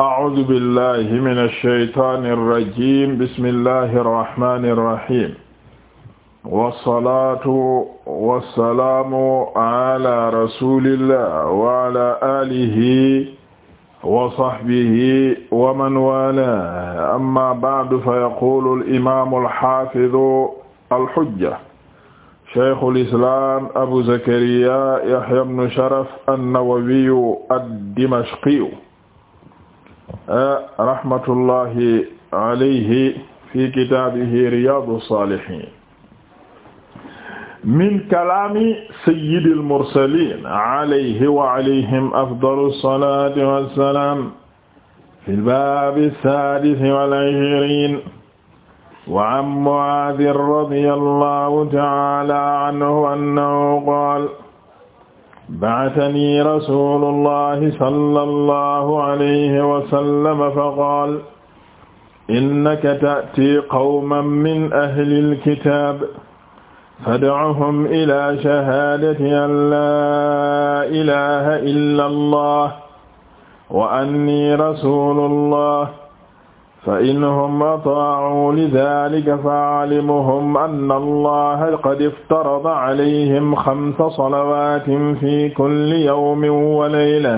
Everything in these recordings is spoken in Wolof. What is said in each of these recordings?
أعوذ بالله من الشيطان الرجيم بسم الله الرحمن الرحيم والصلاة والسلام على رسول الله وعلى آله وصحبه ومن والاه أما بعد فيقول الإمام الحافظ الحجة شيخ الإسلام أبو زكريا يحيى بن شرف النووي الدمشقي rahmatullahi alayhi fi kitaabihi riyaadu saalihiin min kalaami sayyidil mursaliin alayhi wa alayhim afdalu salaati wa salaam fil baabi saadisi wal ishriin wa an Mu'aaz radiyallahu ta'aala anhu annahu qaala ba'athanii rasuulullahi sallallahu alayhi wa sallam faqaala innaka ta'tii qawman min ahlil kitaab fad'uhum ilaa shahaadati an laa ilaaha illa allah wa annii rasuulullah fa inhum ataa'uu lidaalika fa'alimhum anna allaha qad iftarada alayhim xamsa salawaatin fi kulli yawmin wa layla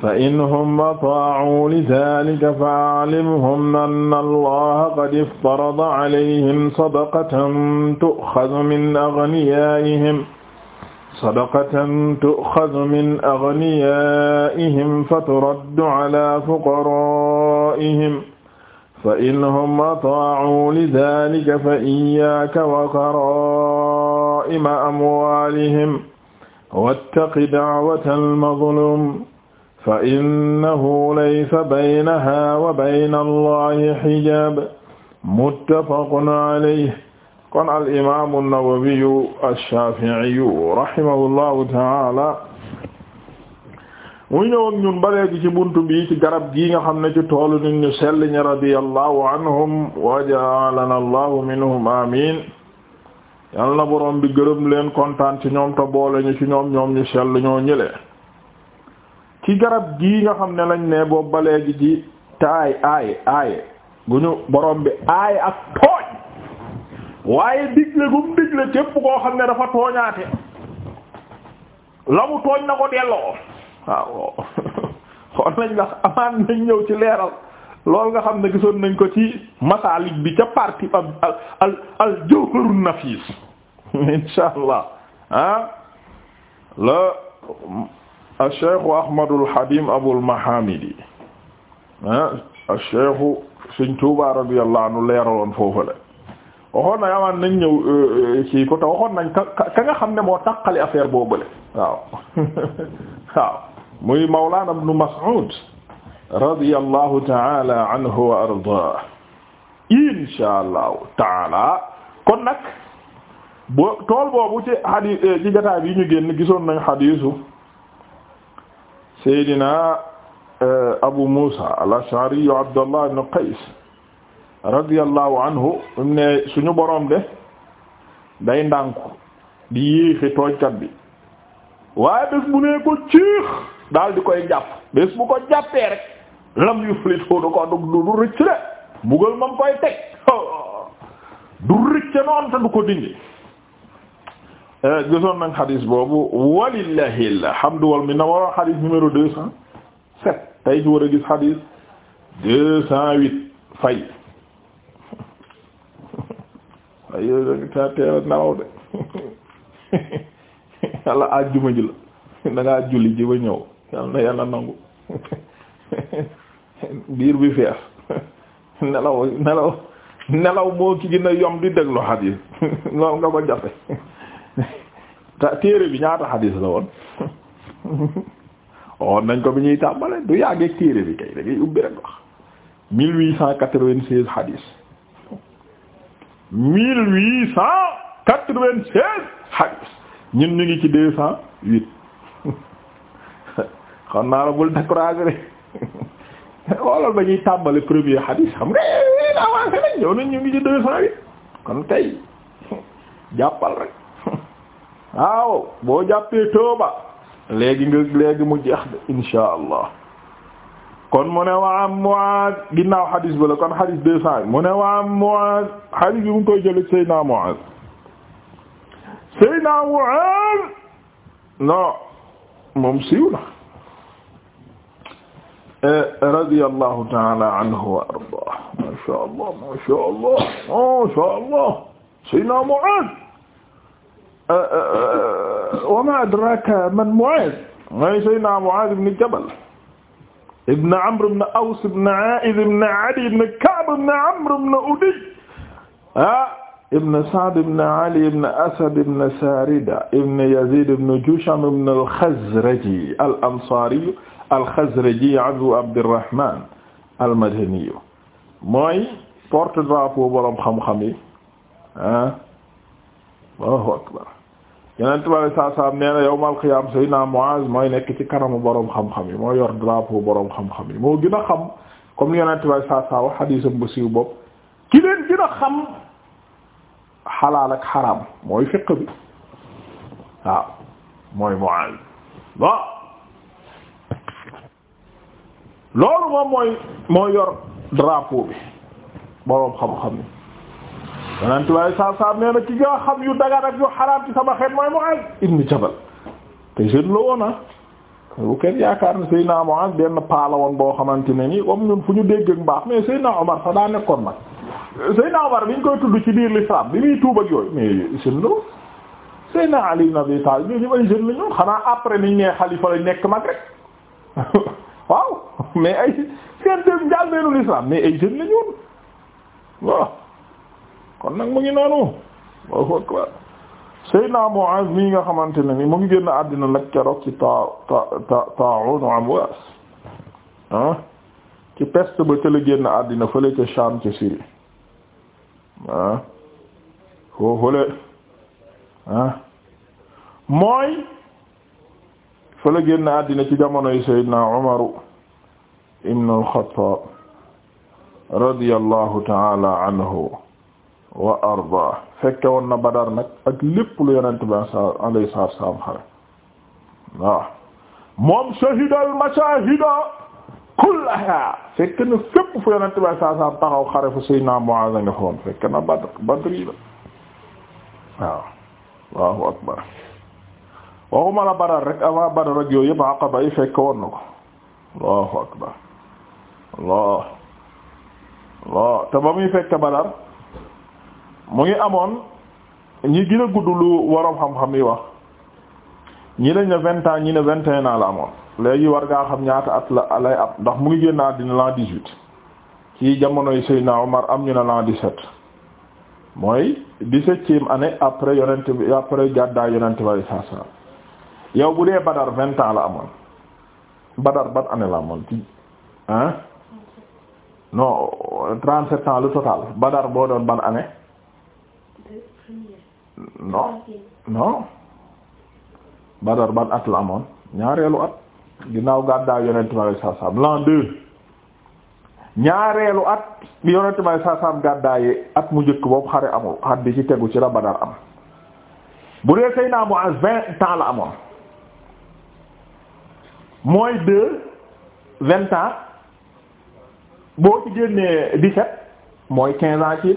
fa inhum ataa'uu lidaalika fa'alimhum anna allaha qad iftarada alayhim sadaqatan tu'xazu min aghniyaa'ihim sadaqatan tu'xazu min aghniyaa'ihim faturaddu alaa fuqaraa'ihim fa innahum ataa'uu lidaalika fa iyyaaka wa karaa'ima amwaalihim wattaqi da'watal mazluum fa innahu laysa baynahaa wa bayna Allaahi hijaab muttafaqun alayhi kon al imaamu an-Nawawiyu ash-Shafi'iyu rahimahullahu taala mu ñëwoon ñun ba ci buntu bi ci garab gii nga xam ne ci tool nit ñu sell ñi radiyallahu anhum wa ja'alana minhum amin yal na boroom bi gërëm leen kontaan ci ñoom te boole ñu ci ñoom ñoom ñu sell ñoo ñële ci garab gii nga xam ne lañ ne boobu ba léegi ci taay aaye aaye gu aaye ak waaye digle gum digle képp koo xam ne dafa tooñaate la mu tooñ na ko delloo waaw xool nañ la amaan nañ ñëw ci leeral lool nga xam ne gisoon nañ ko ci masaalik bi ca parti al al al jawharun nafis insha allah ah la ash-shaykh ahmadul hadim abul mahamidi ah ash-shaykh Sëriñ Tuuba radiyallahu anhu leeraloon foofu la waxoon nañ amaan nañ ñëw euh, euh, ci ko te waxoon nañ ka nga xam ne moo taqali affaire boobu waaw waaw muy Mawlana ibn Mas'ud radiyallahu ta'ala anhu wa ardaah insha allahu taala kon nag tool boobu ci xadis eh, ci jotaay bi ñu génn gisoon nañ xadisu Seydina eh, Abu Musa al-Ash'ari Abdullah ibn Qays radiyallahu anhu ne suñu boroom de day ndànku di yéexi tooñkat bi waaye bés bu nee ko ciix daal di koy jàpp bés bu ko jàppee rek lam yu flit foo du du du rëcc de mbugal mam koy teg du rëcc noonu te du ko dindi eh, gisoon nañ xadis boobu walillahi alhamdu wal minna war xadis deux cent sept tey ñu war a gis xadis deux cent huit fay a nelaw de yàlla àjjuma ji la da julli ji ba ñëw yàlla na nangu biir bi fees nelaw nelaw nelaw moo ki gën a yomb di déglu xadiis loolu nga ko jafe ta téere bi ñaata xadiis la woon woon nañ ko bi ñuy tàmbale du yàggeeg téere bi kay da ubbi rek wax mille huit cent quatre-vingt-seize xadiis mille huit cent quatre-vingt-seize hadis ñun ñu ngi ci deux cent huit xam naa la bul décourager rek walla ba ñuy tàmbali premier hadis xam nga avancé nañ ñëw nañ ñu ngi ci deux cent huit kon tey jàppal rek waaw boo jàppee tooba léegi nga léegi mu jeex de insha allah kon mu ne wa am Muaaz ginnaaw xadis bi la kon xadis deux cent mu ne wa am Muaaz xadis bi mu koy jëlee Seydina Muaaz Seydina Muaaz non moom siiw na radiyallahu ta'ala anhu wa ardaa ma sha Allah ma sha Allah ma sha Allah Seydina Muaaz wa ma adraka man Muaaz mooy Seydina Muaaz ibn Jabal ibn Amr ibn Aws ibn A'id ibn Adi ibn Ka'b ibn Amr ibn Udiy ah ibn Sa'd ibn Ali ibn Asad ibn Sarida ibn Yazid ibn Jusham ibn al-Khazraji al-Ansari al-Khazraji Abu Abdurrahman al-Madani mooy porte-drapeau borom xam-xam yi ah Allahu akbar yeneen tubaab saa saa nee na yawmal qiyaam Seydina Muaz mooy nekk ci kanamu borom xam-xam yi moo yor drapeau borom xam-xam yi moo gën a xam comme yeneen tubaab saa saa wax xadiisam bu siiw bopp ki leen gën a xam xalaal ak xaraam mooy fiqh bi waaw mooy Muaz bon yor drapeau bi borom xam-xam yonent bi saa saa nee na ki xam yu dagan ak yu xaraam ci sama xeet mooy Muaz ibn Jabal te jeune la woon ah. bu kenn yaakaar ne Seydina Muaz benn paa la woon boo xamante ne nii comme ñun fu ñu dégg ak baax mais Seydina Omar sax nekkoon nag Seydina Omar bi ñu koy tudd ci biir l'islam bi muy tuub ak yooyu mais jeune la woon Seydina Ali ibn Abi ñu ay jeune la ñoom xanaa après niñ nee xalifa lañ nekk mag rek waaw mais ay seen dem njàlbéenu l'islam mais ay jeune la ñoon kon nag mu ngi noonu Allahu akbar Seydina Muaz mii nga xamante ne ni mu ngi génn àddina nag keroog ci ta ta ta Ta'un Amwas ah ci peste ba ca la génn àddina fële ca Sham ca Syrie ah foofule ah mooy fële génn àddina ci jamonoy Seydina Umar ibn al-Khattab radiyallahu ta'ala anhu wa arda fekke woon na Badar nag ak lépp lu yonent bi alayhi salaatu salaam xare waaw moom shahidal mashahida kullaha fekk na fépp fu yonent bi alayhi salaatu salaam taxaw xare fu Seydina Muaaz nga fa woon fekk na Badr Badr yi la waaw Allahu akbar waxuma la Badar rek avant Badar rek yooyu yëpp Aqaba yi fekk woon na ko Allahu akbar Allah Allah te muy fekk Badar mu ngi amoon ñi gën a gudd lu waroom xam-xam yi wax ñi lañ ne vingt ans ñi ne vingt et ans la amoon léegi war ngaa xam ñaata at la lay am ndax mu ngi génn àddina l'an dix-huit ci jamonoy Seydina Omar am ñu ne l'an dix set mooy dix-septième année après yonent bi après gàddaay yonent bi saa saa yow bu dee Badar vingt ans la amoon Badar ban année la amoon ci hein non ans le total Badar boo doon ban année non non Badar ban at la amoon ñaareelu at ginnaaw gàddaay yonent bi alayhi salaam l'an deux ñaareelu at bi yonent bi alayhi salaam gàddaaye at mu njëkk boobu xare amul at bi ci tegu ci la Badar am bu dee Seydina Muaz vingt la amoon mooy deux vingt ans boo ci génnee mooy quinze ans ci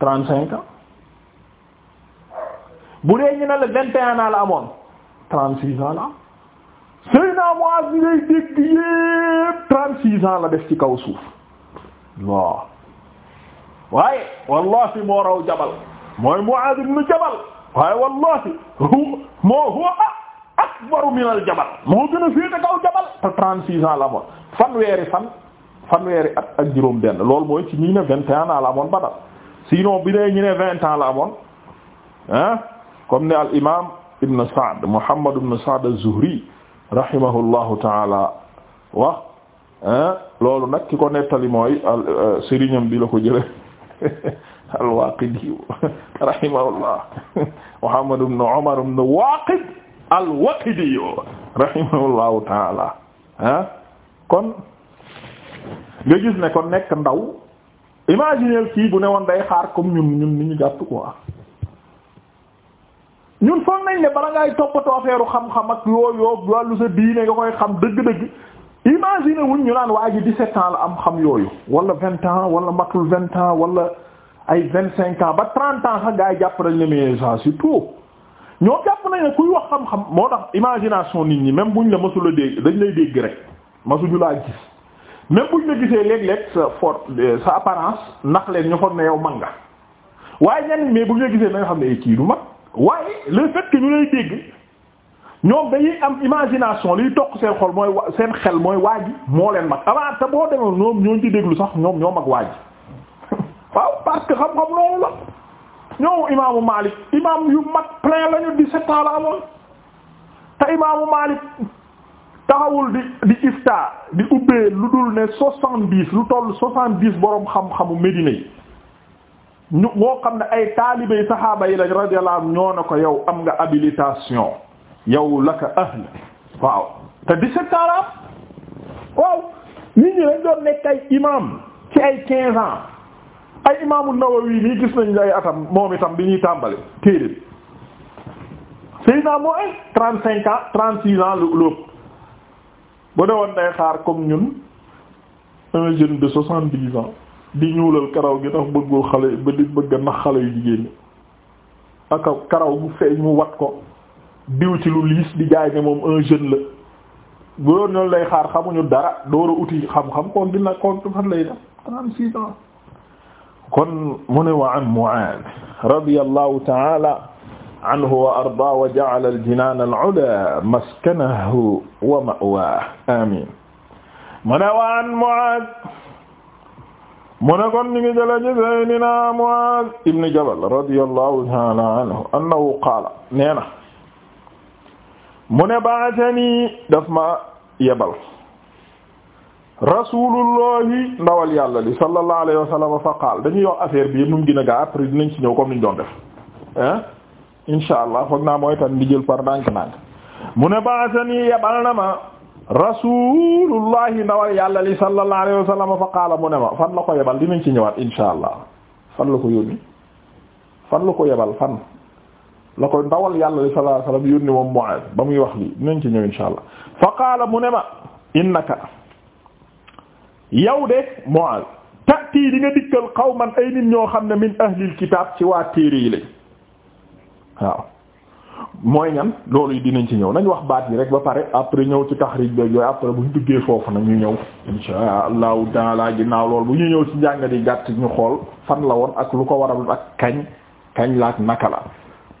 cinq bu dee ñu ne la vingt ans la amoon trente six ans la Seydina Muaz bi ngay dégg yépp trente six ans la def ci kaw suuf waaw waaye wallahi moo raw jabal mooy Muaz ibn Jabal waaye wallahi moo huwa akbaru min al jabal moo gën a féete kaw jabal te six ans la amoon fanweeri fan fanweeri at ak juróom benn loolu mooy ci ñi ne vingt et un ans la amoon badal sinon bi dee ñu vingt ans la amoon hein comme ne al imam ibn Sa'd Muhammad ibn Sa'd az-Zuhri rahimahullahu taala wax loolu nag ki ko nettali mooy euh, sëriñam bi la ko jële al-Waaqidi rahimahullah Muhammad ibn Umar ibn Waaqid al-Waaqidi rahimahullahu taala kon nga gis ne ko nekk ndaw imaginer kii bu ne woon day xaar comme ñun ñun ni ñu jàpp quoi ñun foog nañ ne bala ngay toppatoo affaire xam-xam ak yoo yoo wàllu sa diine nga koy xam dëgg-dëgg imagine wuñ ñu naan waa ji 17 ans la am xam yooyu wala vingt ans wala matul vingt ans wala ay cinq ans ba 30 ans sax gars jàpp nañ ne mais ça c'est tout ñoo jàpp nañ ne kuy wax xam-xam moo tax imagination nit ñi même buñ la mësula dégg dañ lay dégg rek mësuñu laa gis même ñu la gisee léeg-léeg sa for sa apparence nax leen ñu foog ne yow mag nga waaye ñenn mais buñ la gisee na nga xam ne eh, kii du mag. waaye le fait que ñu lay dégg ñoom dañuy am imagination liy toq seen xol mooy seen xel mooy waa ji moo leen mag avant te boo demee ñoom ñooñu ci déglu sax ñoom ñoo mag waa ji waaw parce que xam-xam loolu la ñoom imaamu Malik imaam yu mag plein lañu dix-sept ans la amoon te imaamu Malik taxawul di di ifta di ubbee lu dul ne soixante-dix lu toll soixante-dix boroom xam-xamu Médina ñu moo xam ne ay taalibey saxaaba yi lañ radiyallahu anhu ñoo na ko yow am nga habilitation yow laka ahl waaw te dix-sept ans la waaw nit ñi lañ nekk ay imam ci ay quinze ay imaamu Nawawi nii gis nañ ay atam moom itam bi ñuy tàmbali téere bi Seydina moo ay trente cinq ans trente six ans lu ëpp bu dee woon day de soixante-dix di ñuulal karaw gi ndax bëggul xale ba bëgg nax xale yu jigéen ñi ak karaw bu feeñ mu wat ko diw ci lu liis di jaay ne moom un jeune la bu doon noonu lay xaar xamuñu dara door a uti xam-xam kon dina kon fan lay def trente-six ans kon mu ne wa an Mu'aaz radiyallahu ta'ala anhu wa ardaa wa ja'ala al-jinaan al-'ulaa maskanahu wa ma'waahu amiin mu ne wa an Mu'aaz mu ne kon ni ngi jëlee ci Seydina Muaaz ibn Jabal radiyallahu ta'ala anhu annahu qaala nee mu ne ba'athani daf ma yebal rasulullahi ndawal yàlla li sallallahu alayhi wa sallam fa qaal dañuy wax affaire bi nu mu gën a gaa après ñëw comme ni ñu def ah insha allah foog tan di jël par ndànk-ndànk mu ne ba'athani yebal na ma. rasulullahi ndawal yàlla li sallallahu alayhi wa sallam fa qaala mu ne ma fan la ko yebal dinañ ci ñëwaat insha allah fan la ko yónni fan la ko yebal fan la ko ndawal yàlla li sallallahu alayhi wa sallam yónni moom Mu'aaz ba muy wax lii dinañ ci ñëw insha allah fa qaala mu ne ma innaka yow de Mu'aaz tati di nga dikkal qawman ay nit ñoo xam ne min ahlil kitaab ci waa téere yi lañ waaw mooy ñan loolu yi dinañ ci ñëw nañ wax baat yi rek ba pare après ñëw ci taxrij ba yooyu après bu ñu duggee foofu na ñu ñëw insha allahu taala ginnaaw lool bu ñu ñëw ci njàngat yi gàtt ñu xool fan la woon ak lu ko waral ak kañ kañ la ak naka la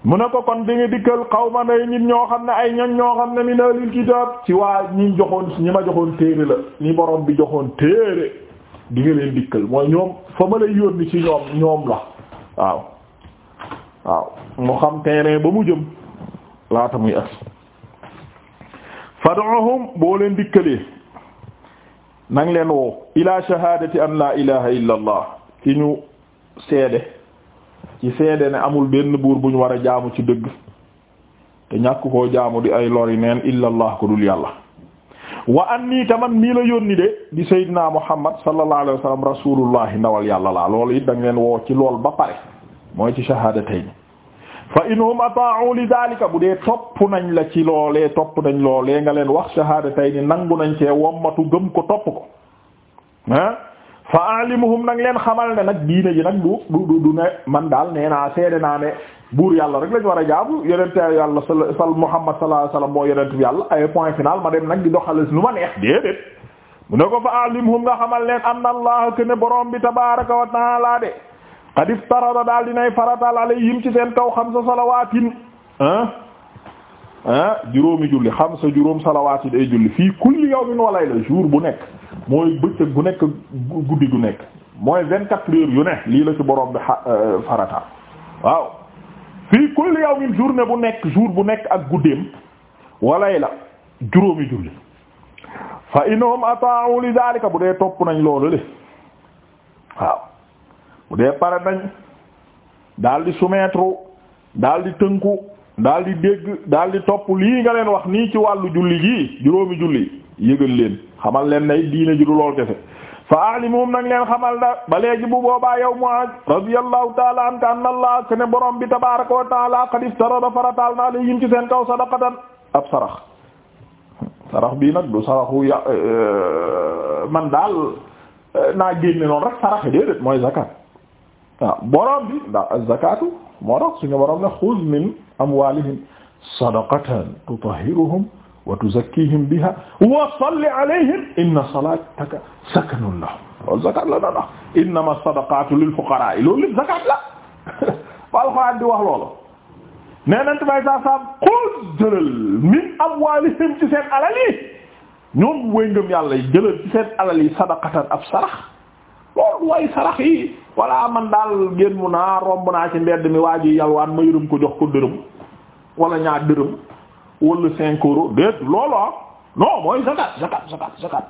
mu ne ko kon di nga dikkal xawman ay nit ñoo xam ne ay ñoñ ñoo xam ne min ahlil kitaab ci waa ñi joxoon ñi ma joxoon téere la ñi boroom bi joxoon téere di leen dikkal mooy ñoom fa ma lay yónni ci ñoom ñoom la waaw xam terrain ba mu jëm laata muy agsi fad'uhum boo leen dikkalee nang leen woo ila shahadati an la ilaha illa ci ñu seede ci seede ne amul benn buur bu ñu war a jaamu ci dëgg te ñàkk koo jaamu di ay lori neen illa allah ko dul yàlla wa an nii taman mii la yónni de di sayyidina muhammad sallallahu alayhi wa sallam rasulullah ndawal yàlla laa lool it dang leen woo ci lool ba pare mooy ci shahadatayni fa inhum ata'u li daalika bu dee topp nañ la ci loolee topp nañ loolee nga leen wax shahaadatayni nangu nañ cee wommatu gëm ko topp ko ah fa alimuhum nag leen xamal ne nag diine ji nag bu du du ne man daal nee naa seede naa ne buur yàlla rek lañ war a jaabu yonente yàlla sal Muhammad sallallahu alayhi wasallam moo yonent bi yàlla ay point final ma dem nag di doxale nu ma neex déedéet mu ne ko fa alimhum nga xamal leen anna allah ke ne borom bi tabaaraka wa ta'aala qad iftarada daal dinay farataal alayhim ci seen kaw xamsa salawaatin ah ah juróomi julli xamsa juróom salawaatin ay julli fii kulli yawmin wa layla jour bu nekk mooy bëccëg bu nekk guddi gu nekk mooy vingt-quatre heures yu ne lii la ci borom bi euh, farataal waaw fii kulli yawmin journée bu nekk jur bu nekk ak guddeem wa layla juróomi julli fa innahum ata'u li daalika bu dee topp nañ loolu le waaw bu dee pare nañ daal di soumettre daal di tënku daal di dégg daal di topp lii nga leen wax nii ci wàllu julli ji juróomi julli yëgal leen xamal leen nay diine ji du lool kese fa alimum nag leen xamal da ba léegi bu boobaa yow Mu'aaz radiyallahu taala an ka anna allah kene borom bi tabaaraka wa taala qad iftara da farataal na alayhim ci seen kaw sadaqatan ab sarax sarax bii nag du saraxu ya euh, man daal euh, naa génne noonu rek sarax déedéet mooy zakat waaw borom bi ndax az-zakatu moo tax suñu borom ne xuz min amwalihim sadaqatan tutahhiruhum wa tuzakkihim biha wa salli alayhim inna salataka sakanun lahum loolu zakat la da dax innama sadaqatu lil fuqara yi loolu li zakat la balxoaat di wax loolu nee nant bay sa sam xul jëlal min amwalihim ci seen alal yi ñoom wëy ngëm yàlla jëlal ci seen alal yi sadaqatan ab sarax loolu way sarax yi walla man daal génn naa romb naa ci mbedd mi waa ji yalwaan ma yërëm ko jox ko dërëm wala ñaar dërëm wala cinq euros déet loolu ah non mooy zakat zakat zakat zakat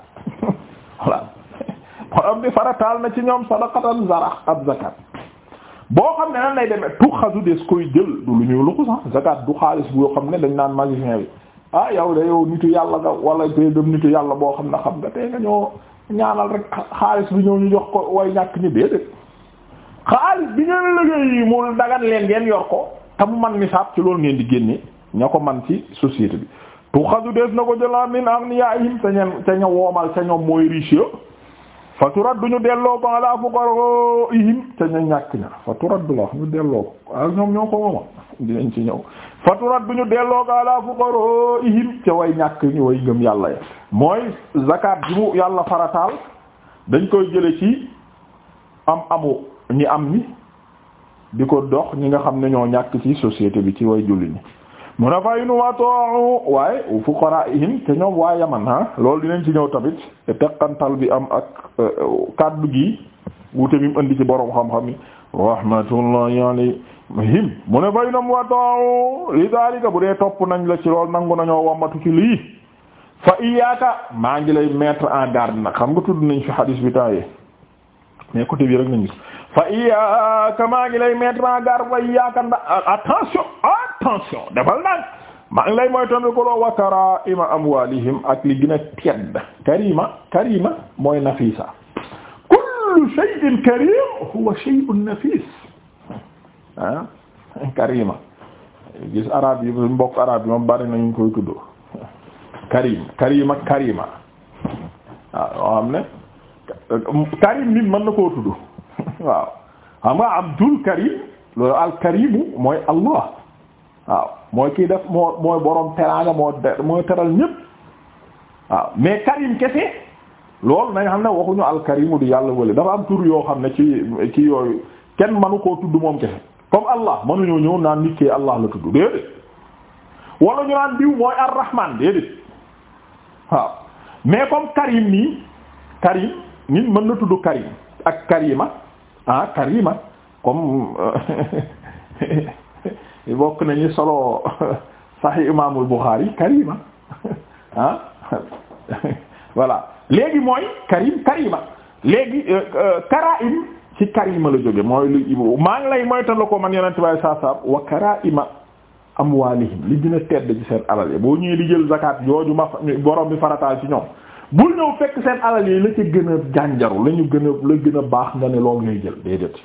na ci ñoom sadaqatan zarax ab zakat boo xam ne nan lay demee tu xasu des koy jël du lu ñuy luxu sax zakat du xaalis boo xam ne dañ naan magicien bi ah yow de yow nitu yàlla nga wala tey dem nitu yàlla boo xam ne xam nga tey nga ñoo ñaanal rek xaalis bi ñëw ñu jox ko way ñàkk ñu déedéet xaalis bi ngeen liggéey mu dagan leen ngeen yor te mu man nisaab ci loolu ngeen di génne ña ko man ci société bi tu xadu des na ko jëla min agniyaahim ca ñen ca ña woomal ca ñoom mooy riche fa turaddu ñu delloo ko ala fuqaraihim ca ña ñàkk ña fa turaddu la ñu delloo ko waaw ñoom ñoo ko woomal dinañ ci ñëw faturat bi ñu delloo ko ala fuqaraihim ca way ñàkk ñu way ngëm yàlla ya mooy zakat ji mu yàlla farataal dañ koy jële ci am amu ñi am ñi di ko dox ñi nga xam ne ñoo ñàkk ci société bi ci way julli ñi mu na fay nu watoo waaye fuqaraihim te ñoom waa yaman ha loolu dinañ ci ñëw tamit te teqantal bi am ak e, e, kaddu gi wute bi mu indi ci borom xam-xam yi rahmatullahi alayhi mu ne fay nam wadao li daalika bu dee topp nañ la ci lool nangu nañoo wammatu ci lii fa iyaaka maa ngi lay mettre en garde nag xam nga tudd nañ fi hadis bi taayee mais côté bi rek nañ gis fa iyaaka maa ngi lay mettre en garde fa iyaaka nda attention attention defal nag maa ngi lay mooy tond ko loo wa karima ak li gën a karima karima mooy nafisa kullu shay'in karim huwa shay'un nafis ah Karima gis arab yi suñ mbokk arab yi moom bari nañu koy tudd Karim Karima Karima ah, waaw xam ne Karim nit mën na koo tudd waaw xam nga Abdul Karim loolu al-Karimu mooy Allah waaw mooy kii def moo mooy borom teraanga moo mooy teral ñépp waaw mais Karim kese loolu nañ xam ne waxuñu al-Karimu di yàlla wële dafa am tur yoo xam ne ci ci yooyu kenn mënu koo tudd moom kese. comme Allah mënuñoo ñëw naan nit ki Allah la tudd déedéet wala ñu naan diw mooy ar-Rahman déedéet waaw mais comme Karim nii Karim nit mën na tudd Karim ak Karima ah Karima comme euh, bokk nañu solo Sahih Imaamul Bukhari Karima ah voilà léegi mooy Karim Karima léegi euh, euh, Karaim. ci yi ma la jóge mooy lu ibu maa ngi lay moytal la ko man yonent baay saasaam wa karaima amwaalihim li gën a tedd ci seen alal yi boo ñëwee di jël zakat jooju ma borom bi farataal ci ñoom bul ñëw fekk seen alal yi la ci gën a jànjaru la ñu gën a la gën a baax nga ne loolu ngay jël déedéet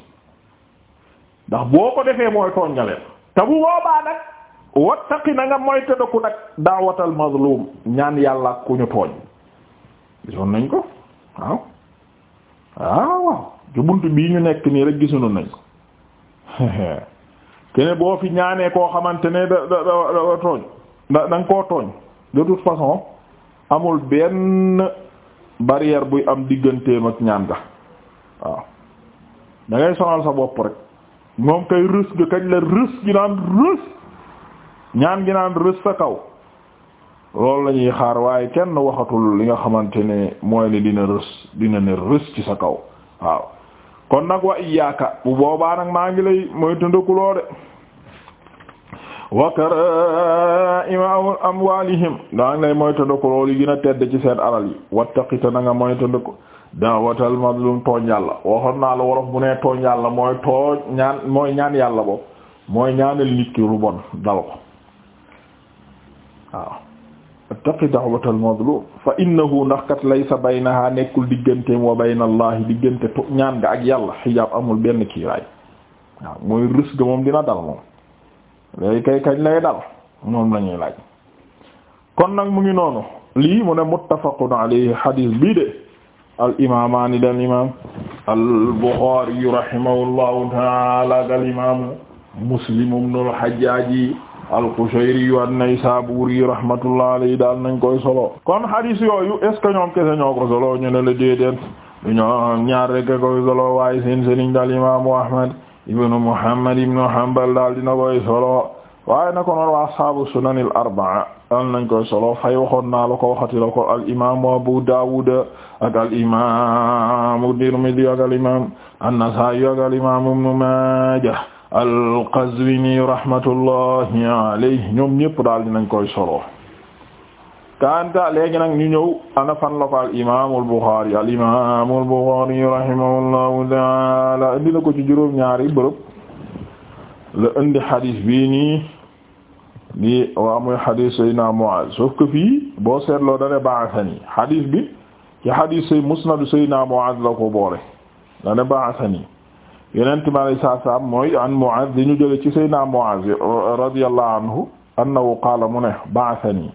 ndax boo ko defee mooy tooñ nga leen te bu boobaa nag wattaqi na nga mooy tëddaku nag daawatal mazlum ñaan yàlla ku ñu tooñ gisoon nañ ko waaw waaw ci buntu bii ñu nekk nii rek gisuñu nañ ko kene boo fi ñaanee koo xamante ne da da da tooñ da nga koo tooñ de toute façon amul benn barrière buy am digganteem ak ñaan ga waaw da sonal sa bopp rek moom kay rës ga kañ la rës gi naan rës ñaan gi naan rës sa kaw loolu la xaar waaye kenn waxatul li nga xamante ne mooy ne dina rës dina ne rës ci sa kaw waaw kon nag wa iyyaka bu boobaa nag maa ngi lay moy tundakuloo de wa kara'ima amwalihim daa ngi lay moy tundakuloo li gën a tedd ci seen alal yi wattaqita na nga moy tundaku da'watal mazlum tooñ yàlla waxoon naa la wolof bu ne tooñ yàlla mooy tooñ ñaan yàlla boobu mooy ñaanal nit ki lu dal ko waaw ittaqi da'wata al-mazlum fa innahu ndax kat laysa baynaha nekkul digganteem wa bayna allahi diggante tu ñaan nga ak yàlla xijaab amul benn kiiraay waaw mooy rus moom dina dal moom léegi kay kañ lay dal moom la ñuy laaj kon nag mu ngi noonu lii mu ne muttafaqun alayhi hadith bii de al imaamaani dal imaam al taala dal imaamu muslim ibnul hajjaaji al-Qushayri an-Naysaburi rahmatullah alayhi daal nañ koy solo kon hadis yooyu est ce ñoom kese ñoo ko solo ñu ne la déedéet du ñoom ñaar rek koy solo waaye seen sëriñ daal imaamu Ahmad ibnu Muhammad ibnu Hanbal daal dina koy solo waaye na ko noonu a ashaabu sunan al arbaa daal nañ koy solo fay waxoon naa la ko waxati la al imaamu Abu Dawud ak al imaamu Tirmidhi ak al imaamu an-Nasaa'i ak al imaamu Ibnu Maajah al-Qazwini rahmatullahi alayhi ñoom ñëpp daal dinañ koy solo kanta léegi nag ñu ñëw ana fan la ko al imaamu al-Bukhari al imaamu al-Bukhari rahimahullahu ta'ala indi na ko ci juróom-ñaari bërëb la indi xadis bii nii di waa Seydina Mu'aaz sauf que fii boo seetloo dane ba'athani xadis bi ci xadis say musnadu Seydina Mu'aaz la ko boole dane ba'athani yonent bi alayhi salaatu mooy an Mu'aaz ñu jële ci Seydina Mu'aaz radiyallahu anhu annahu qaala mu ne ba'athani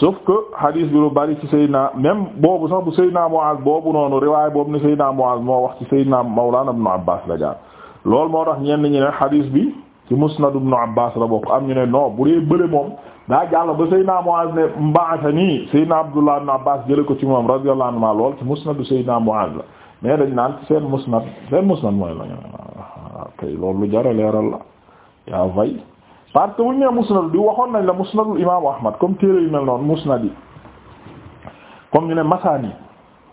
sauf que hadis bi lu bari ci Seydina même boobu sax bu Seydina Mu'aaz boobu noonu riwaay boobu ni Seydina Mu'aaz moo wax ci Seydina Mawlaana Ibnu Abbaas la jaar loolu moo tax ñenn ñi ne hadis bi ci Musnad Ibnu Abbaas la bokk am ñu ne non bu dee bële moom daa jàll ba Seydina Mu'aaz ne ba'athani Seydina Abdullah Ibnu Abbaas jële ko ci moom radiyallahu anhu lool ci Musnad Seydina Mu'aaz la mais dañ naan seen musnad seen musnad mooy la ñu kay loolu lu jar a leeral la yaa vay parce que bu ñu nee waxoon nañ la musnadul imaamu Ahmad comme téere yu mel noonu musnad yi comme ñu ne masaani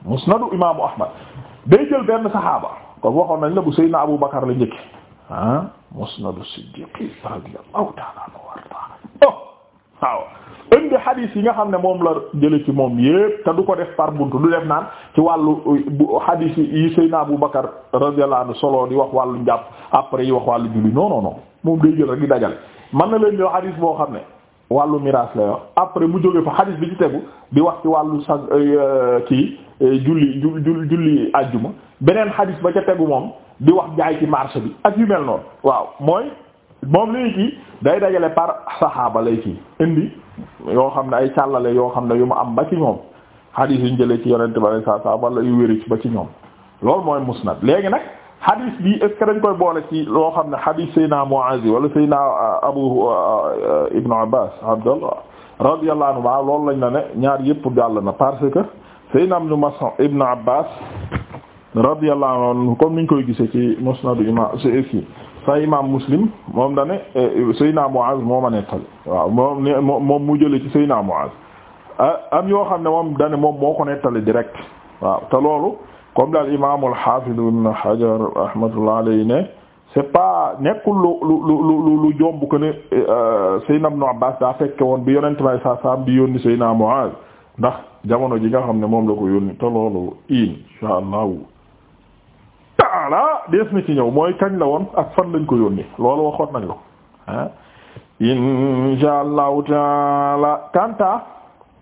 musnadu imaamu Ahmad day jël benn saxaaba kon waxoon nañ la bu Seydina Abu Bakar la njëkk ah musnadu Siddiqi radiyallahu ta'ala anhu waaw indi hadith yi nga xam ne moom la jële ci moom yépp te du ko def par buntu du def naan ci wàllu hadith yi Seydina Abu Bakar radiyallahu anhu solo di wax wàllu njàpp après yi wax wàllu julli non non moom day jël rek di dajale mën na leen di hadith boo xam ne wàllu miraas la wax après mu jóge fa hadith bi ci tegu di wax ci wàllu sa euh, kii euh, julli julli julli àjjuma beneen hadith ba ca tegu moom di wax jaay ci marché bi ak yu mel noonu waaw mooy moom léegi day dajale par saxaaba lay ci indi yoo xam ne ay càllale yoo xam ne yu ma am ba ci ñoom xadiis yu ñu jëlee ci yonent ba ay saa saa wala yu wéri ci ba ci ñoom loolu mooy musnad léegi nag xadiis bi est ce que dañ koy boole ci loo xam ne xadiis Seyna Muaaz wala Seyna euh, Abu euh, euh, Ibnu Abbaas Abdallah radiyallahu anhu waaw loolu lañ la ne ñaar yëpp jàll na parce que Seyna Ibnu Mas'ud Ibnu Abbaas radiyallahu anhu comme niñ koy gisee ci musnadu imaam sa imam muslim moom dane eh, Seydina Muaz moo ma nettali waaw moom mu jële ci Seydina Muaz am yoo xam ne moom dane moom moo ko nettali direct waaw te loolu comme daal imam al-Hafiz ibn Hajar rahmatullah alayhi ne c'est pas nekkul lu lu lu lu jomb ko ne eh, euh, Seydina Ibn Abbas fekke woon bi yonente may sa sam bi yónni Seydina Muaz ndax jamono ji nga xam ne moom la ko yónni te loolu insha allahu ta'ala dees na ci ñëw mooy kañ la woon ak fan lañ ko yónnee loolu waxoon nañ la ah insha allahu taala kanta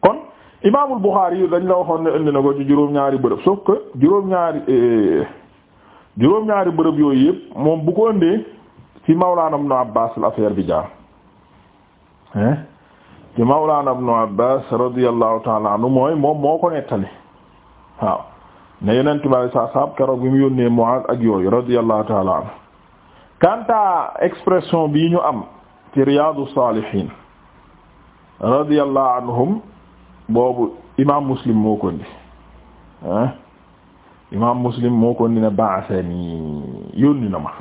kon imaamul Buxaari yi dañ la waxoon ne indi na ko ci juróom-ñaari bërëb sauf que juróom-ñaari eh, juróom-ñaari bërëb yooyu yëpp moom bu ko indee ci Mawlaana Ibnu Abbaas l'affaire bi jaar hein ci Mawlaana Ibnu Abbaas radiyallahu taala anhu mooy moom moo ko nettali waaw ne yeneen tubaab saa saab keroog bi mu yónnee Muaaz ak yooyu radiyallahu taala anhu kanta expression bii ñu am ci Riyadu Salihin radiyallahu imaam Muslim moo ko imaam Muslim moo ko indi ne ba'asani na ma.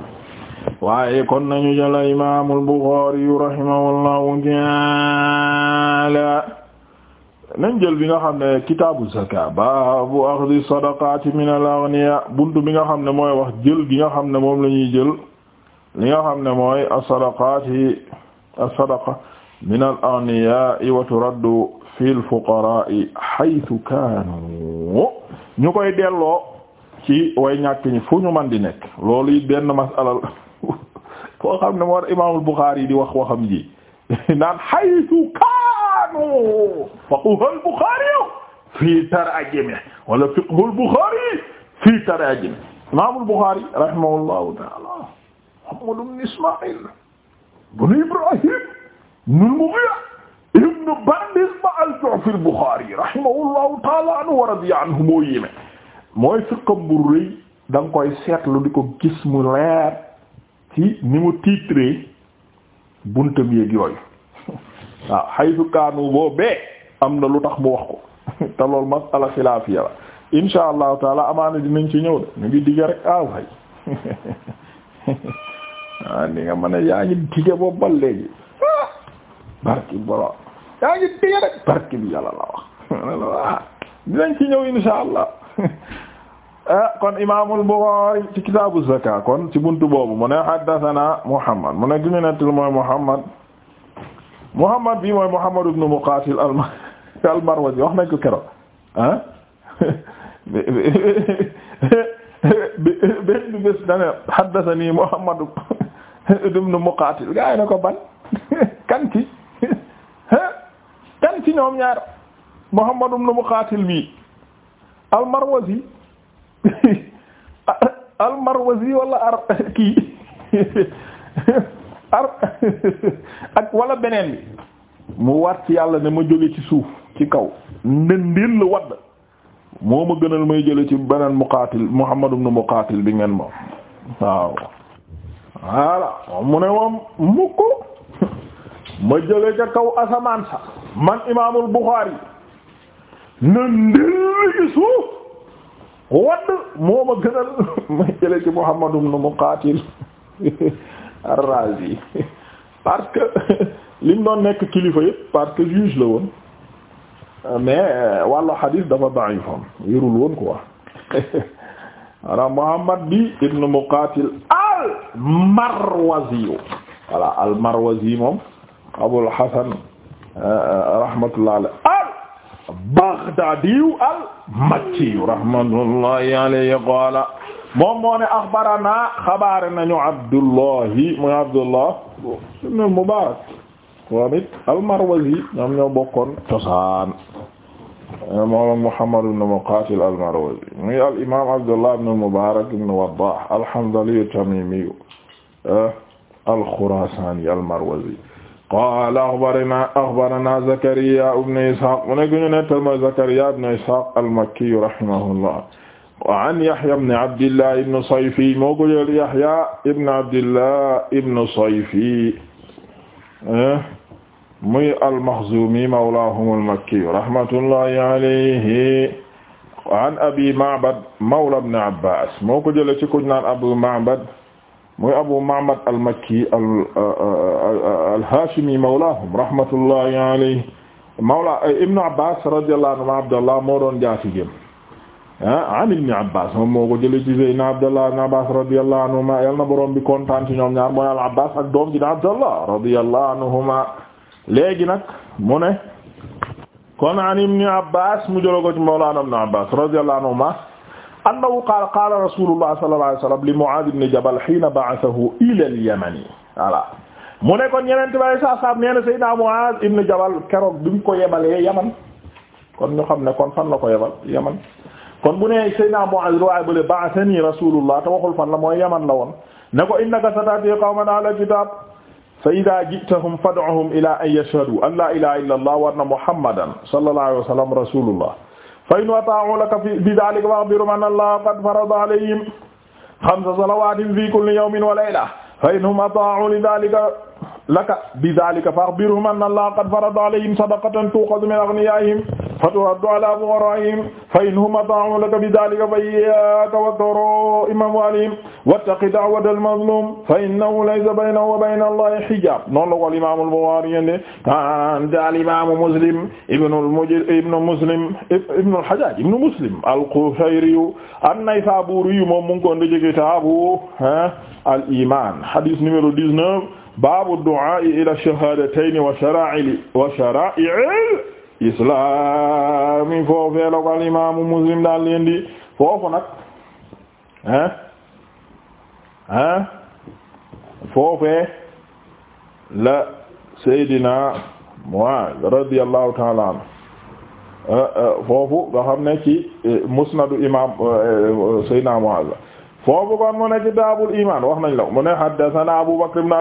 waaye kon nañu jëla imaamul Bukhari rahimahullahu ta'ala nañ jël bi nga xam ne kitaabu zaka baabu axdi sadaqaati min al aghniya bi nga xam ne mooy wax jël gi nga xam ne moom la ñuy jël li nga xam ne mooy as-sadaqaati as-sadaqa min al aghniya wa turaddu fi al fuqaraa haythu kaanu ñu koy delloo ci way ñàkk ñi fu ñu man di nekk loolu it benn masalal foo xam ne moo war imaamul Buxaari di wax waxam ji naan haythu kaanu anhu fiqhul Bukhari fii tarajimihi wala fiqhul Bukhari fii tarajimihi imaamul Bukhari rahimahullahu ta'ala Muhammad ibn Isma'il ibn Ibrahim ibn al-Mughira ibn Bardizbah al-Ju'fi al-Bukhari rahimahullahu ta'ala anhu wa radiya anhu moo yéeme mooy fiqam bu rëy da nga koy seetlu di ko gis leer ni mu tiitree buntam yeeg yooyu waaw haythu kaanu boobee am na lu tax mu wax ko te loolu masala xilaafiya la insha allahu taala amaana dinañ ci ñëw de ñu ngi digge ah way ah, mën a yaa ngi digge boobu ba léegi ah, barki boro yaa ngi digge rek barki bi yàlla la wax ah, dinañ ci ñëw insha allah kon imaamul Buxaari ci kitaabu zakaat kon ci buntu boobu mu ne haddathana Muhammad mu ne giñu nettal mooy Muhammad Muhammad bi mooy Muhammad ibn Muqatil al-Marwazi wax nañ ko keroog ah benn bés dane haddathani Muhammad ibn Muqatil gaa yi na ko ban kan ci kan ci ñoom ñaar Muhammad ibn Muqatil bi al-Marwazi al-Marwazi wala ar kii ar ak wala beneen bi mu waat ci yàlla ne ma jóge ci suuf ci kaw ndëndil wadd moo ma gënal may jële ci beneen muqaatil Muhammad ibn muqaatil bi ngeen moom waaw voilà mu ne moom mukk ma jële ca kaw asamaan sa man imaamul Buxaari na ndëll ci suuf wadd moo ma gënal may jële ci Muhammad ibn muqaatil ar-Razi parce que lim doon nekk kilifa yëpp parce que juge la woon mais euh, wàllu xadiis dafa da'ifam yërul woon quoi voilà Muhammad bi ibn Muqatil al-Marwazi voilà al-Marwazi moom Abul Hasan euh, rahmatullah alayhi al-Baghdadi al-Makki rahmatullahi alayhi qala moom moo ne axbarana xabaare nañu Abdullahi muy Abdullah ibn al-Mubarak moom it al-Marwazi ñoom ñoo bokkoon cosaan moom Muhammad ibn Muqatil al-Marwazi muy al-imam Abdullah ibn al-Mubarak ibn Waddah al-Hamdali at-Tamimi eh, al-Khurasani al-Marwazi qaala axbarana axbarana Zakariya ibn Ishaq mu ne gu ñu nettal mooy Zakariya ibn Ishaq al-Makki rahimahullah wa an Yahya ibn Abdillah ibn Sayfi moo ko jël Yahya ibn Abdillah ibn Sayfi eh? muy al-Makhzumi mawlaahum al-Makki rahmatullahi alayhi an Abi Ma'bad mawla ibn Abbas moo ko jël ci ku ñu naan Abu Ma'bad muy Abu Ma'bad al-Makki al-Hashimi mawlaahum rahmatullahi alayhi mawla eh, ibn Abbas radiyallahu anhu Abdallah moo doon jaatigem Ah, an ibni abbas moom moo ko jële ci seydina abdallah ibn abbas radiyallahu anhuma yal na borom bi kontaan ci ñoom ñaar mooy al abbas ak doom ji na abdallah radiyallahu anhuma léegi nag mu ne kon an ibni abbas mu jëla ko ci mawlana ibn abbas radiyallahu anhuma annahu qaala qaala rasulullah sallallahu alayhi wasallam li mu'adh ibn jabal hina ba'athahu ila al yamani voilà mu ne kon yeneen tubaab saa saaf nee na Seydina Muaz ibn Jabal keroog bi mu ko yebalee yaman kon ñu xam ne kon fan la ko yebal yaman kon bu nee Seydina Mu'aaz waaye bële ba'athani rasulullah te waxul fan la mooy yaman la woon ne ko innaka satati qawman ala kitab fa ida jitahum fad'uhum ila an yashhadu an la ilaha illa allah wa anna muhammadan sallallahu alayhi wa sallam rasulullah fa in ata'u laka bi dhalika fakhbirhum anna allah qad farada alayhim khamsa salawatin fi kulli yawmin wa layla fa in hum ata'u li dhalika laka bi dhalika fakhbirhum anna allah qad farada alayhim sadaqatan tu'khadhu min aghniyahim fatuwaddu ala wara'ihim fa in hum ata'u laka bi dhalika fa iyyaaka wa daraa'ima waalihim wattaqi da'wata al-mazlum fa innahu laysa baynahu wa bayna allahi hijaab noonu la ko al-imaam al-Bukhaari yéen daal imaamu Muslim ibn al-Mujir ibn Muslim ibn al-Hajjaaj ibn Muslim al-Qushayri an-Naysaabuuri moom mu ngi ko indi ci kitaabu al-iimaan hadiis numéro 19 baabu du'aa ila shahaadatayn wa sharaa'i wa sharaa'i islami foofee la ko al imaamu muslim daal leen di foofu nag ah ah foofee la seydina Muaaz radiyallahu ta'ala anhu euh, euh, foofu nga xam ne ci euh, musnadu imam seydina Muaaz la foofu kon mu ne ci kitaabul iman wax nañ la mu ne haddathana Abu Bakr